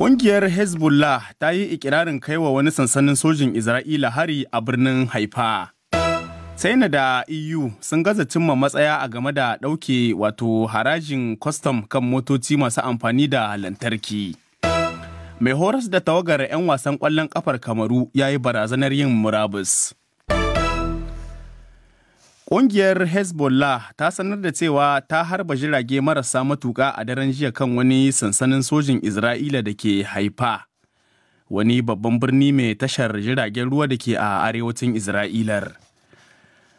Ƙungiyar Hezbollah ta yi ikirarin kaiwa wani sansanin sojin Isra'ila hari a birnin Haifa. China da EU sun gaza cimma matsaya a game da ɗauke wato harajin kwastam kan motoci masu amfani da lantarki. Mai horas da tawagar 'yan wasan ƙwallon ƙafar Kamaru ya yi barazanar yin murabus. Ƙungiyar Hezbollah ta sanar da cewa ta harba jirage marasa matuƙa a daren jiya kan wani sansanin sojin Isra'ila da ke haifa. Wani babban birni mai tashar jiragen ruwa da ke a arewacin Isra'ilar.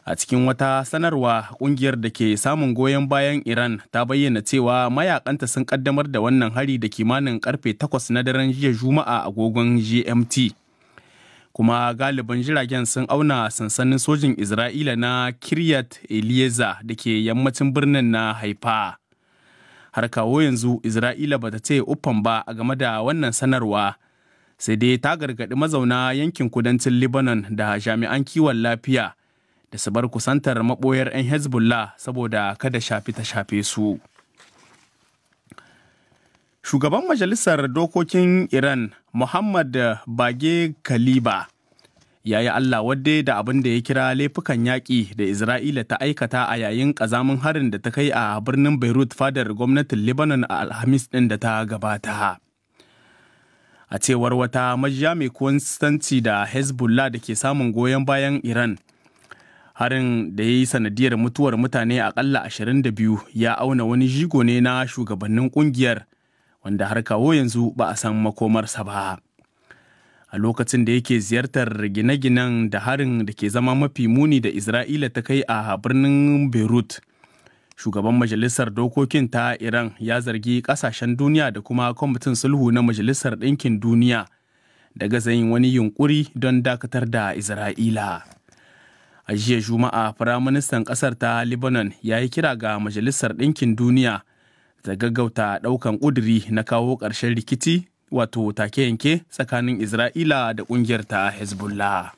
A cikin wata sanarwa ƙungiyar da ke samun goyon bayan Iran ta bayyana cewa mayakanta sun kaddamar da wannan hari da kimanin karfe 8 na daren jiya Juma'a a agogon GMT. kuma galibin jiragen sun auna sansanin sojin isra'ila na kiryat eliezer da ke yammacin birnin na haifa har kawo yanzu isra'ila bata ce uffan ba a game da wannan sanarwa sai dai ta gargaɗi mazauna yankin kudancin lebanon da jami'an kiwon lafiya da su bar kusantar maɓoyar 'yan hezbollah saboda kada shafi ta shafe su Shugaban Majalisar Dokokin Iran Muhammad Bage Kaliba ya yi Allah wadde da abin da ya kira laifukan yaƙi da Isra'ila ta aikata a yayin ƙazamin harin da ta kai a birnin Beirut fadar gwamnatin Lebanon a Alhamis ɗin da ta gabata. A cewar wata majiya mai konstanci da Hezbollah da ke samun goyon bayan Iran, harin da ya yi sanadiyar mutuwar mutane akalla biyu ya auna wani jigo ne na shugabannin ƙungiyar. wanda har kawo yanzu ba a san makomarsa ba. a lokacin da yake ziyartar gine-ginen da harin da ke zama mafi muni da isra'ila ta kai a birnin beirut shugaban majalisar dokokin ta iran ya zargi kasashen duniya da kuma kwamitin sulhu na majalisar ɗinkin duniya daga zayin wani yunkuri don dakatar da isra'ila a jiya juma'a firaministan ƙasar ta lebanon ya yi kira ga majalisar ɗinkin duniya ta gaggauta ɗaukan ƙuduri na kawo ƙarshen rikici wato take yanke tsakanin isra'ila da ƙungiyar ta hezbollah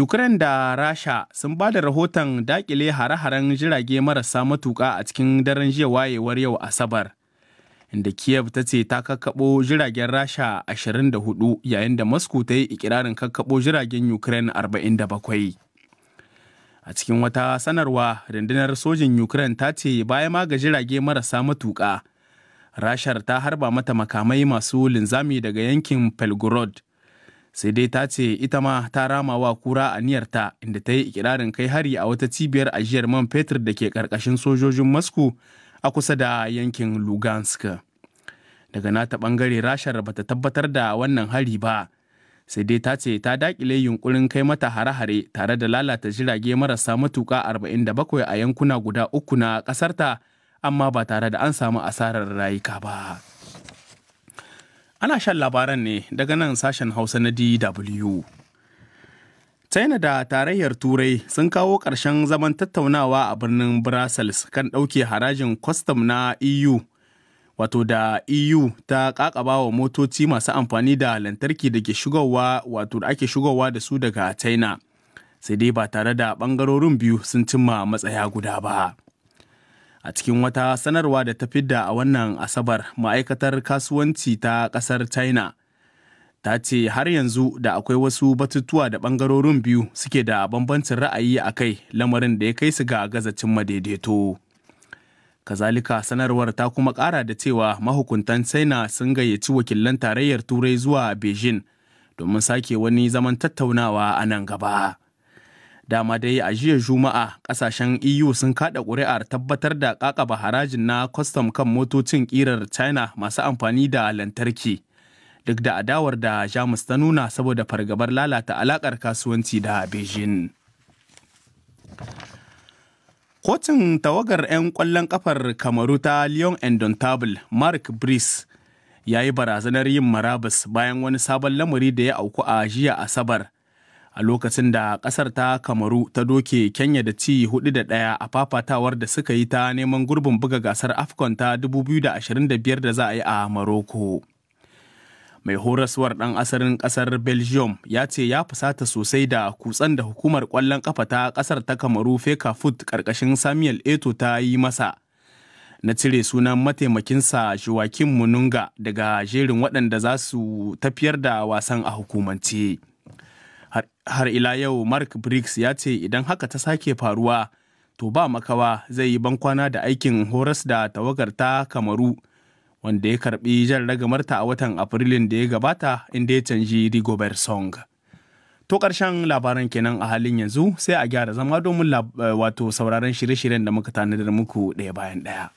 ukraine da rasha sun ba da rahoton dakile hare-haren jirage marasa matuƙa a cikin daren jiya wayewar yau asabar inda kiev ta ce ta kakkaɓo jiragen rasha 24 yayin da moscow ta yi ikirarin kakkaɓo jiragen ukraine 47 a cikin wata sanarwa rundunar sojin ukraine ta ce bayan ma ga jirage marasa matuƙa rashar ta harba mata makamai masu linzami daga yankin pelgorod sai dai ta ce ita ma ta rama wa kura a aniyarta inda ta yi ikirarin kai hari a wata cibiyar ajiyar man fetur da ke karkashin sojojin moscow a kusa da yankin lugansk daga nata bangare rashar bata tabbatar da wannan hari ba sai dai ta ce ta dakile yunkurin kai mata hare-hare tare da lalata jirage marasa matuka 47 a yankuna guda uku na kasarta amma ba tare da an samu asarar rayuka ba ana shan labaran ne daga nan sashen hausa na dw china da tarayyar turai sun kawo ƙarshen zaman tattaunawa a birnin brussels kan ɗauke harajin kwastam na eu wato da EU ta kakaba wa motoci masu amfani da lantarki da ke shigowa wato da ake shigowa da su daga China. Sai dai ba tare da bangarorin biyu sun cimma matsaya guda ba. A cikin wata sanarwa da ta fidda a wannan Asabar, ma'aikatar kasuwanci ta kasar China ta ce har yanzu da akwai wasu batutuwa da bangarorin biyu suke da bambancin ra'ayi a kai lamarin da ya kai su ga gazacin madaidaito. Kazalika sanarwar ta kuma ƙara da cewa mahukuntan China sun gayyaci wakilan tarayyar Turai zuwa Beijing domin sake wani zaman tattaunawa a nan gaba. Dama dai a jiya Juma'a kasashen EU sun kada ƙuri'ar tabbatar da ƙaƙaba harajin na kwastam kan motocin ƙirar China masu amfani da lantarki. Duk da adawar da Jamus ta nuna saboda fargabar lalata alaƙar kasuwanci da Beijing. Kotun tawagar 'yan ƙwallon kafar Kamaru ta Lyon Endontable, Mark Brice, ya yi barazanar yin Marabus bayan wani sabon lamari da ya auku a jiya Asabar. A lokacin da ƙasar ta Kamaru ta doke Kenya da ci hudu da ɗaya a fafatawar da suka yi ta neman gurbin buga gasar Afcon ta 2025 da za a yi a Maroko. mai horaswar ɗan asarin ƙasar belgium ya ce ya fusata sosai da kutsan da hukumar ƙwallon ƙafa ta ƙasar ta kamaru feka foot ƙarƙashin samuel eto ta yi masa na cire sunan mataimakinsa joaquin mununga daga jerin waɗanda za su tafiyar da wasan a hukumance har ila yau mark briggs ya ce idan haka ta sake faruwa to ba makawa zai yi bankwana da aikin horas da tawagar ta kamaru wanda ya karbi jan ragamarta a watan Afrilun da ya gabata inda ya canji Rigobert Song. To ƙarshen labaran kenan a halin yanzu sai a gyara zama domin eh, wato sauraron shirye-shiryen da muka tanadar muku ɗaya bayan ɗaya.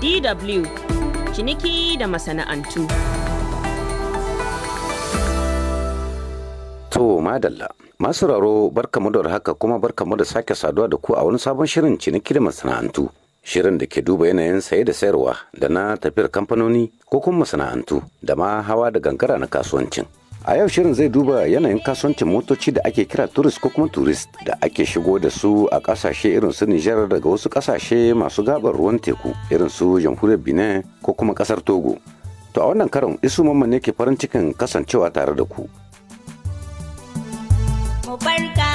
DW ciniki da masana'antu. To madalla. Masu raro mu da haka kuma barkamu da sake saduwa da ku a wani sabon shirin ciniki da masana'antu. Shirin da ke duba yanayin saye da sayarwa da na tafiyar kamfanoni ko kuma masana'antu da ma hawa da gangara na kasuwancin. A yau shirin zai duba yanayin kasuwancin motoci da ake kira turist ko kuma turist da ake shigo da su a kasashe irin su Nijar daga wasu kasashe masu gabar ruwan teku irin su jamhuriyar Benin ko kuma kasar Togo. To a wannan karon isu mamman ne ke farin cikin kasancewa tare da ku. barka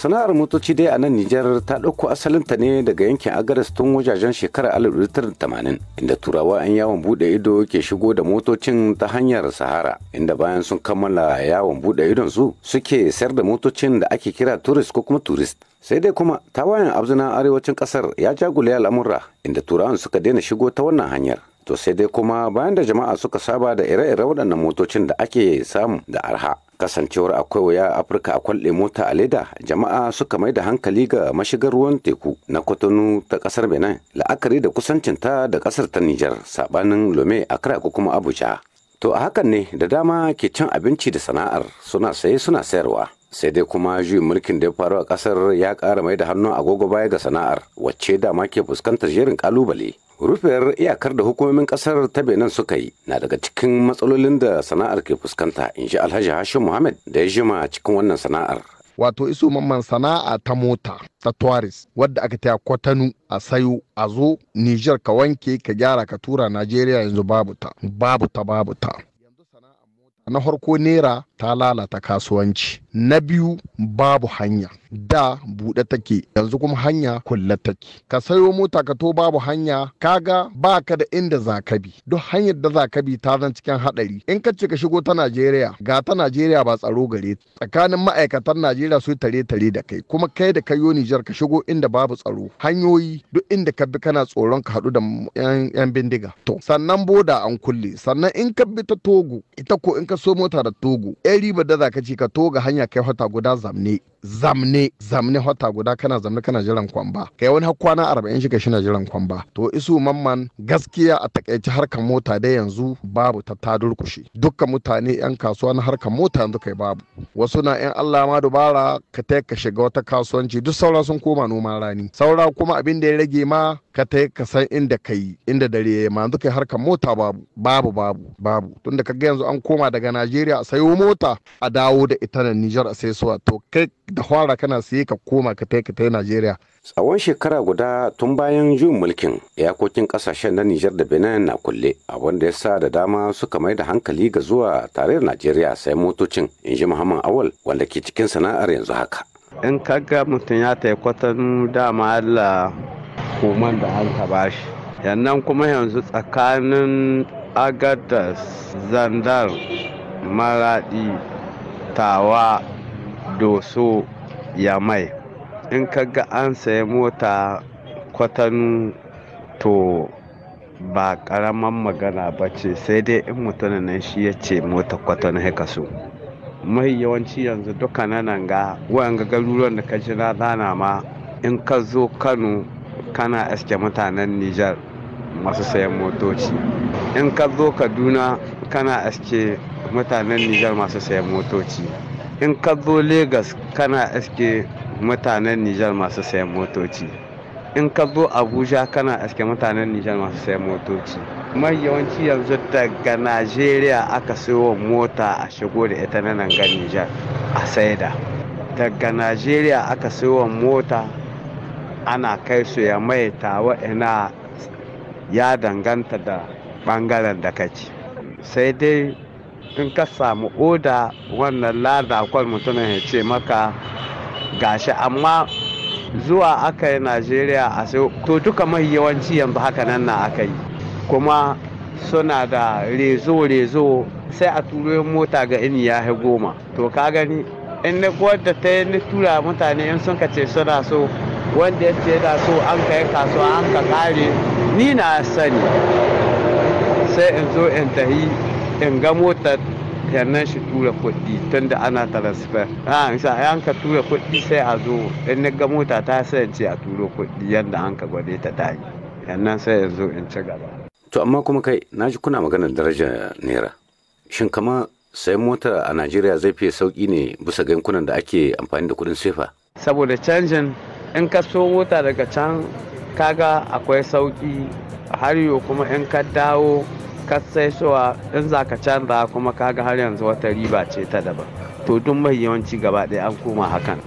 sana'ar motoci dai a nan Nijar ta ɗauko asalinta ne daga yankin Agadas tun wajajen shekarar 1980 inda turawa 'yan yawon buɗe ido ke shigo da motocin ta hanyar Sahara inda bayan sun kammala yawon buɗe idon su suke sayar da motocin da ake kira turist ko kuma turist. Sai dai kuma tawayen abzina arewacin kasar ya jagule al'amura inda turawan suka daina shigo ta wannan hanyar. To sai dai kuma bayan da jama'a suka saba da ire-ire waɗannan motocin da ake samu da arha kasancewar akwai waya a afirka a kwalɗe mota a leda jama'a suka mai da hankali ga mashigar ruwan teku na kotonu ta ƙasar benin la'akari da kusancinta da ƙasar ta nijar saɓanin lome accra ko kuma abuja to a hakan ne da dama ke cin abinci da sana'ar suna saye suna sayarwa sai dai kuma juyin mulkin da ya faru a kasar ya kara mai da hannu agogo baya ga sana'ar wacce dama ke fuskantar jerin kalubale rufiyar iyakar da hukumomin kasar ta benin suka yi na daga cikin matsalolin da sana'ar ke fuskanta in ji alhaji hashim muhammad da ya jima cikin wannan sana'ar wato isu mamman sana'a ta mota ta tuaris wadda aka taya kwatanu a sayo a zo niger ka wanke ka gyara ka tura nigeria yanzu babu ta babu ta babu ta na harko naira ta lalata kasuwanci na biyu babu hanya da buɗe take yanzu kuma hanya kulle take ka sayo mota ka to babu hanya kaga ba ka da inda zakabi duk hanyar da zakabi ta zan cikin haɗari in ka ce ka shigo ta najeriya ga ta najeriya ba tsaro gare tsakanin ma'aikatan najeriya su tare tare da kai kuma kai da kayo nijar ka shigo inda babu tsaro hanyoyi duk inda ka bi kana tsoron ka haɗu da yan bindiga to sannan boda an kulle sannan in ka bi ta togo ita ko in ka so mota da togo ɗaya riba da za ka ci ka toga hanya kai wata guda zamne zamne zamne hota guda kana zamne kana jiran kwamba kai wani har kwana arba'in shiga shina jiran kwamba to isu mamman gaskiya a takaici harkar mota da yanzu babu ta ta durkushe dukkan mutane yan kasuwa na harkar mota yanzu kai babu wasu na yan Allah ma dubara ka ta ka shiga wata kasuwanci duk saura sun koma noman rani saura kuma abin da ya rage ma ka ta ka san inda kai inda dare ya ma yanzu kai harkar mota babu babu babu babu tunda kaga yanzu an koma daga Najeriya a sayo mota a dawo da ita da Niger a sai to kai da fara kana siye ka koma ka kai ka tai Najeriya. Tsawon shekara guda tun bayan juyin mulkin iyakokin kasashen na Nijar da Benin na kulle abinda ya sa da dama suka mai da hankali ga zuwa tare Najeriya sai motocin in ji Muhammad Awal wanda ke cikin sana'ar yanzu haka. In kaga mutum ya ta kwatanu dama Allah koman da hanka bashi. Yannan kuma yanzu tsakanin Agadas, Zandar, Maradi, Tawa, doso ya mai in kaga an saya mota kwatanu to ba karaman magana ba ce sai dai in mutumin nan shi ya ce mota kwatanu haka so mai yawanci yanzu duka nan ga wayanga garuruwan da ka ji na dana ma in ka zo kano kana aske mutanen nijar masu sayan motoci in ka zo kaduna kana aske mutanen nijar masu sayan motoci in ka zo Legas kana iske mutanen Nijar masu sayan motoci. In ka zo Abuja kana iske mutanen Nijar masu sayan motoci. Mai yawanci yanzu daga Najeriya aka sayo mota a shigo da ita na nan ga Nijar a saida. Daga Najeriya aka sayo mota ana kai su ya mai tawa ina ya danganta da bangaren da kaci. Sai dai in ka samu oda wannan lada kwal mutumin ya ce maka gashi amma zuwa aka yi najeriya a sai to duka mai yawanci yanzu haka nan na aka yi kuma suna da rezo-rezo sai a turo mota ga ini ya goma to ka gani in na wadda ta yi tura mutane in sun kace suna so wanda ya ce da so an kai kasuwa an ka kare ni na sani sai in zo in tahi in ga mota yannan shi tura kuɗi tunda ana transfer a sa ka tura kuɗi sai a zo in na ga mota ta sai ce a turo kuɗi yadda an ka gwade ta tayi yannan sai in zo in ci gaba to amma kuma kai na ji kuna magana daraja naira shin kama sai mota a najeriya zai fiye sauki ne bisa ga yankunan da ake amfani da kuɗin sefa saboda canjin in ka so mota daga can kaga akwai sauki har yau kuma in ka dawo ka sai in za ka canza kuma kaga har yanzu wata riba ce ta daban to duk mai yawanci gaba ɗaya an koma hakan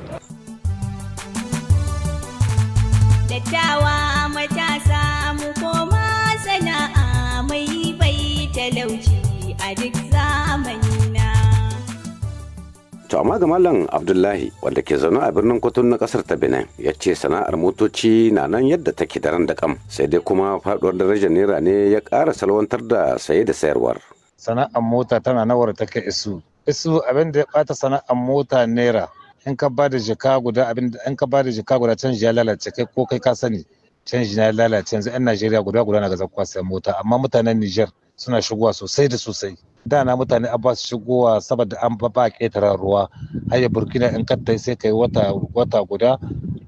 to amma ga malam abdullahi wanda ke zaune a birnin kwatun na kasar ta benin ya ce sana'ar motoci na nan yadda take da ran da kam sai dai kuma faduwar darajar naira ne ya ƙara salwantar da saye da sayarwar sana'ar mota tana nawar ta kai isu isu abin da ya bata sana'ar mota naira in ka ba da jaka guda abin da in ka ba da jaka guda canji ya lalace kai ko kai ka sani canji na lalace yanzu 'yan najeriya guda guda na ga zakwa sayan mota amma mutanen niger suna shigowa sosai da sosai da na mutane a ba su shigowa saboda an ba ba ƙetaren ruwa haya burkina in kattai sai kai wata wata guda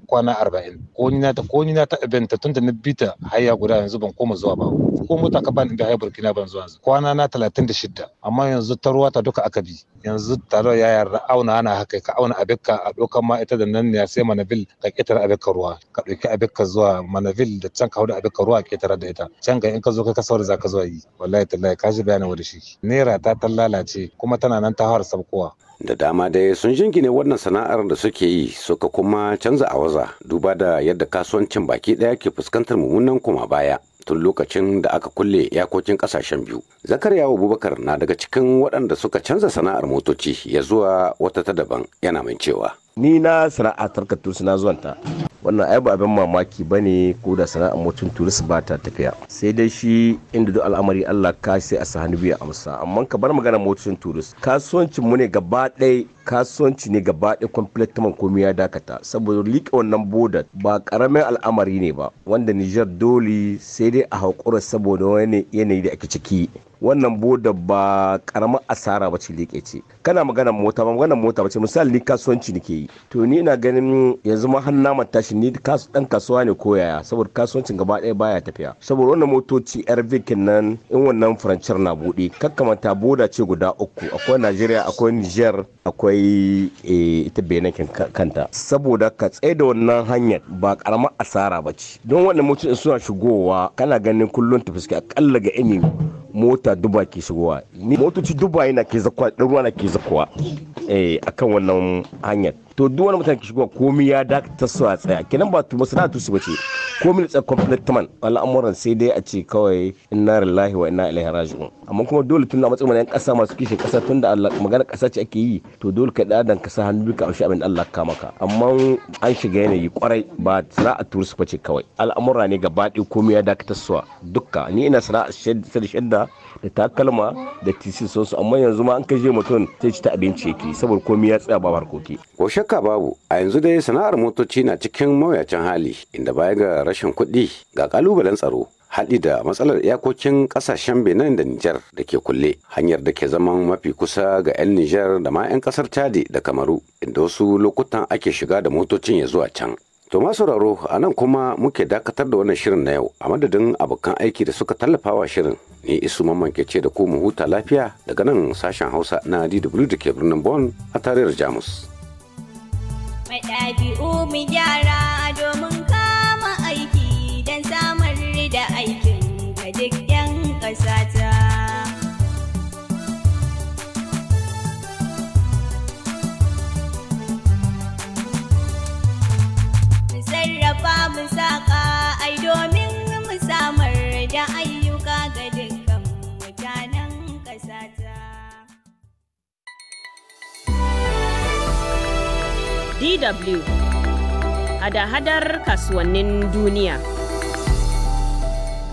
kwana arba'in ko ni na ta ko ni na ta ibenta na bita haya guda yanzu ban koma zuwa ba ko mota ka ban inda haya burkina ban zuwa yanzu kwana na talatin da shida amma yanzu ta ruwa ta duka aka bi yanzu tare ya yarda auna ana haka ka auna abikka a dokan ma ita da nan ne sai manabil ka ƙetare abikka ruwa ka ɗauki abikka zuwa manabil da can ka hudu abikka ruwa ƙetare da ita can ga in ka zo ka kasar za ka zo yi wallahi tallahi ka ji bayanin wani shi ne naira ta ta lalace kuma tana nan ta har sabkowa da dama dai sun jingine wannan sana'ar da suke yi suka kuma canza a waza duba da yadda kasuwancin baki daya ke fuskantar mummunan kuma baya tun lokacin da aka kulle iyakokin kasashen biyu zakariya abubakar na daga cikin waɗanda suka canza sana'ar motoci ya zuwa wata ta daban yana mai cewa ni na sana'a tarkar turis na zuwanta wannan ai ba abin mamaki ba ne ko da sana'ar motocin turis ba ta tafiya sai dai shi inda duk al'amari Allah ka sai a sa hannu biyu amsa amma ka bar magana motocin turis. kasuwancin mu ne gaba ɗaya kasuwanci ne gaba ɗaya kwamfiletaman komai ya dakata saboda liƙe wannan boda ba ƙaramin al'amari ne ba wanda nijar dole sai dai a haƙura saboda wani yanayi da ake ciki wannan boda ba ƙaramin asara ba ce liƙe ce kana magana mota ba magana mota ba ce misali ni kasuwanci nake yi to ni ina ganin yanzu ma har nama tashi ni dan kasuwa ne ko yaya saboda kasuwancin gaba ɗaya baya tafiya saboda wannan motoci yar vikin nan in wannan furancar na buɗe kakkamata boda ce guda uku akwai najeriya akwai niger akwai akwai eh, ita benakin kanta saboda ka tsaye da wannan hanyar ba karama asara ba ce don wannan motocin suna shigowa kana ganin kullum ta fuska akalla ga ini mota duba ke shigowa ni motoci duba yana ke zakuwa ruwa na ke zakuwa eh akan wannan hanyar to duk wani mutane ke shigowa komai ya dakata su a tsaya kenan ba tu tusu ba bace ko militsa completman al'amuran sai dai a ce kawai inna lillahi wa inna ilaihi raji'un amma kuma dole tun da matsayin yan kasa masu kishin kasa tun da Allah magana kasa ce ake yi to dole ka da dan kasa hannu ka aushi abin da Allah ka maka amma an shiga yanayi kwarai ba sana'a turist ba ce kawai al'amura ne gaba ɗaya komai ya dakatar suwa dukka ni ina sana'a shadda da takalma da tisi sonsu amma yanzu ma an kai je mutum sai ci ta abinci yake saboda komai ya tsaya ba harkoki ko shakka babu a yanzu dai sana'ar motoci na cikin mawuyacin hali inda baya ga rashin kuɗi ga ƙalubalen tsaro haɗi da matsalar iyakokin ƙasashen benin da nijar da ke kulle hanyar da ke zama mafi kusa ga 'yan nijar da ma 'yan ƙasar chadi da kamaru inda wasu lokutan ake shiga da motocin ya zuwa can to ma sauraro a nan kuma muke dakatar da wannan shirin na yau a madadin abokan aiki da suka tallafa wa shirin ni isu mamman ke ce da ku mu huta lafiya daga nan sashen hausa na dw da ke birnin bon a tarayyar jamus. Mai ɗabi'u mu gyara DW hada-hadar kasuwannin duniya.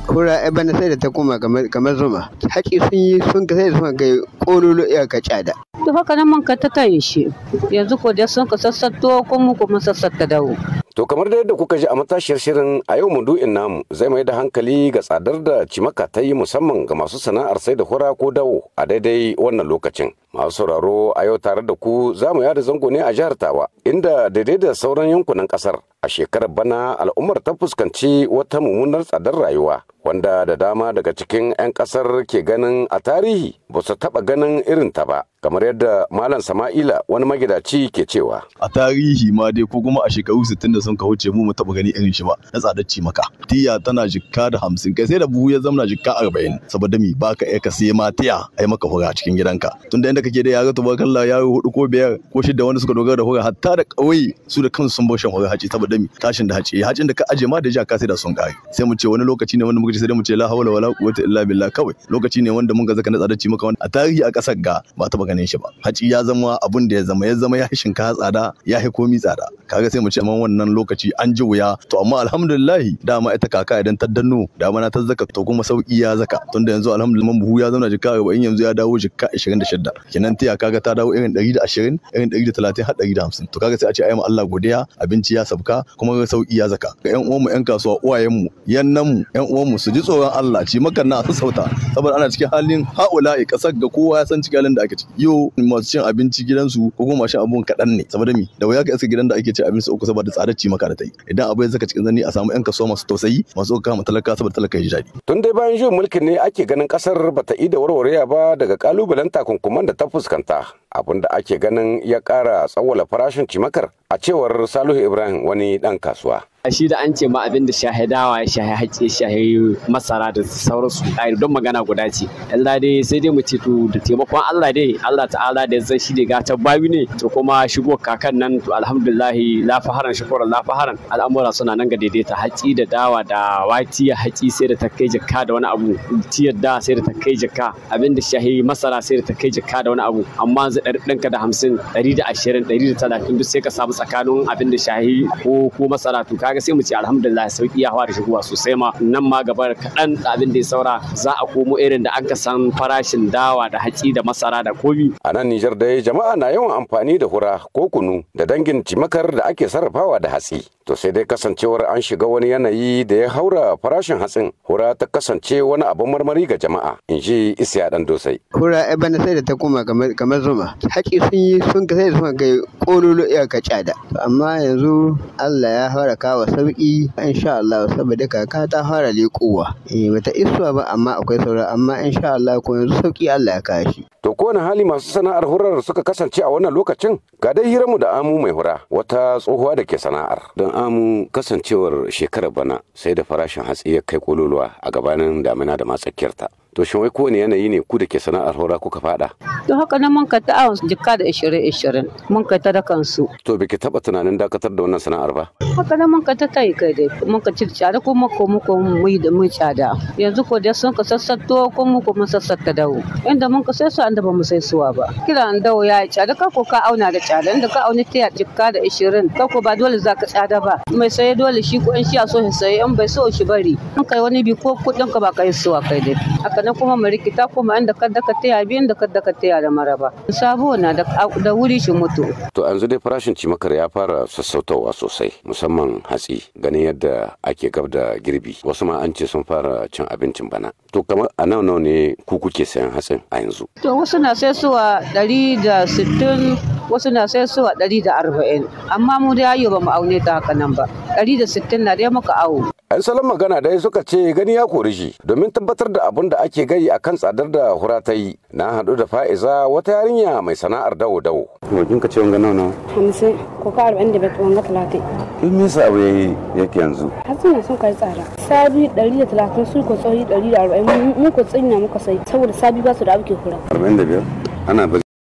kura bane sai da ta koma kamar zuma haƙi sun yi sun ka sai da sun ga kololo iyaka cada to haka nan man ka ta tayin shi yanzu ko da sun ka sassato ko mu ko mun dawo To kamar da yadda kuka ji a matashiyar shirin a yau mudu'in namu zai mai da hankali ga tsadar da cimaka ta yi musamman ga masu sana'ar sai da hura ko dawo a daidai wannan lokacin. Masu sauraro a yau tare da ku za mu yada zango ne a jihar Tawa inda daidai da sauran yankunan kasar a shekarar bana al'ummar ta fuskanci wata mummunar tsadar rayuwa wanda da dama daga cikin 'yan kasar ke ganin a tarihi ba su taɓa ganin irin ta ba kamar yadda malam sama'ila wani magidaci ke cewa a tarihi ma dai ko kuma a shekaru 60 da sun ka wuce mu mu taɓa gani irin shi ba na tsadacci maka tiya tana jikka da 50 kai sai da buhu ya zama jikka 40 saboda mi baka ka sai ma tiya ai maka hura a cikin gidanka tunda inda kake da yaro tubarkalla yaro hudu ko biyar ko shida wanda suka dogara da hura hatta da kauye su da kansu sun bar shan hura haci saboda mi tashin da haci hacin da ka aje ma da ja ka sai da sun kare sai mu ce wani lokaci ne wani lokaci sai mu ce la hawla wala quwwata illa billah kawai lokaci ne wanda mun ga zaka na tsada ci maka wanda a tarihi a kasar ga ba ta ganin shi ba haci ya zama abun da ya zama ya zama ya shinkafa tsada ya hi komi tsada kaga sai mu ce amma wannan lokaci an ji wuya to amma alhamdulillah dama ita kaka idan ta danno dama na ta zaka to kuma sauki ya zaka tunda yanzu alhamdulillah mun buhu ya zauna jikka 40 yanzu ya dawo jikka 26 kenan tiya kaga ta dawo irin 120 irin 130 har 150 to kaga sai a ce ayi Allah godiya abinci ya sabka kuma sauki ya zaka ga yan uwanmu yan kasuwa uwayenmu yannan mu yan uwanmu su ji tsoron Allah ci makan na sassauta saboda ana cikin halin ha'ula a kasar ga kowa ya san cikin halin da ake ciki yau masu cin abinci gidansu ko kuma masu abun kaɗan ne saboda mi da wuya ka iska gidan da ake cin abinci uku saboda tsadar ci maka da ta yi idan abu ya zaka cikin zani a samu yan kasuwa masu tausayi masu kama talaka saboda talaka ya ji daɗi. tun dai bayan juyin mulkin ne ake ganin kasar bata ida warwarewa ba daga kalubalen takunkuman da ta fuskanta abin ake ganin ya kara tsawala farashin cimakar a cewar Salihu Ibrahim wani dan kasuwa. shi da an ce ma abin da shahadawa ya shahi haƙe shahi masara da sauransu a don magana guda ce Allah dai sai dai mu ce to da taimakon Allah dai Allah ta'ala da zai shi da gata bayu ne to kuma shigo kakan nan to alhamdulillah la faharan shukuran la faharan al'amura suna nan ga daidaita haci da dawa da wati haci sai da takai jakka da wani abu tiyar da sai da takai jakka abin da shahi masara sai da takai jakka da wani abu amma ɗinka da hamsin ɗari da ashirin ɗari da talatin duk sai ka samu tsakanin abin da shahi ko masara to kaga sai mu ce alhamdulillah sauki ya fara shigowa sosai ma nan ma gaba kaɗan da abin da ya saura za a komo irin da an ka san farashin dawa da hatsi da masara da komi. A nan Nijar dai jama'a na yawan amfani da hura ko kunu da dangin cimakar da ake sarrafawa da hatsi. To sai dai kasancewar an shiga wani yanayi da ya haura farashin hatsin hura ta kasance wani abin marmari ga jama'a in ji isiya dan dosai. Hura bana sai da ta koma kamar zuma haƙi sun yi sun ga da suka kai iya iyaka da. amma yanzu Allah ya fara kawo sauƙi, insha Allah saboda kaka ta fara leƙowa eh bata isuwa ba amma akwai saura amma insha Allah ko yanzu sauki Allah ya kawo shi to ko hali masu sana'ar hurar suka kasance a wannan lokacin ga dai hiramu da amu mai hura wata tsohuwa da ke sana'ar don amu kasancewar shekarar bana sai da farashin hatsi ya kai kololuwa a gabanin damina da matsakiyarta to shin wai ne yanayi ne ku da ke sana'ar hora kuka fada to haka nan mun ka ta awon jikka da ishirin ishirin mun ka ta da kansu to biki taba tunanin dakatar da wannan sana'ar ba haka nan mun ka ta kai kai dai mun ka ci tsare ko mu ko mu ko mu da mu tsada yanzu ko da sun ka sassato ko mu ko mun sassatta dawo inda mun ka sai su inda ba mu sai suwa ba kira an dawo ya tsada ka ko ka auna da tsada inda ka auna ta jikka da ishirin ka ko ba dole za ka tsada ba mai saye dole shi ko in shi a so ya saye in bai so shi bari in kai wani bi ko kudin ka ba kai suwa kai dai haka Na kuma mu rikita kuma an da kadda ka taya biyan da kadda ka taya da maraba sabo na da wuri shi mutu to yanzu dai farashin cimakar ya fara sassautawa sosai musamman hatsi ganin yadda ake gab da girbi wasu ma an ce sun fara cin abincin bana to kamar a nawa nan ne ku kuke sayan hatsin a yanzu to wasu na sai suwa 160 da sittin wasu na sai suwa 140 da arba'in amma mu da yayo ba mu aune ta haka nan ba 160 da sittin na dai muka awo ai salon magana dai suka ce gani ya kori shi domin tabbatar da abin da ake gani kan tsadar da hura ta yi na haɗu da fa'iza wata yarinya mai sana'ar dawo dawo wajen ka ce wanga nawa nawa hamsin ko ka arba'in da bai wanga talatin duk me yasa abu yayi yake yanzu na sun kai tsada sabi ɗari da talatin su ko tsohi ɗari da arba'in mun ko tsinya muka sai saboda sabi ba su da abu ke hura arba'in da biyar ana ba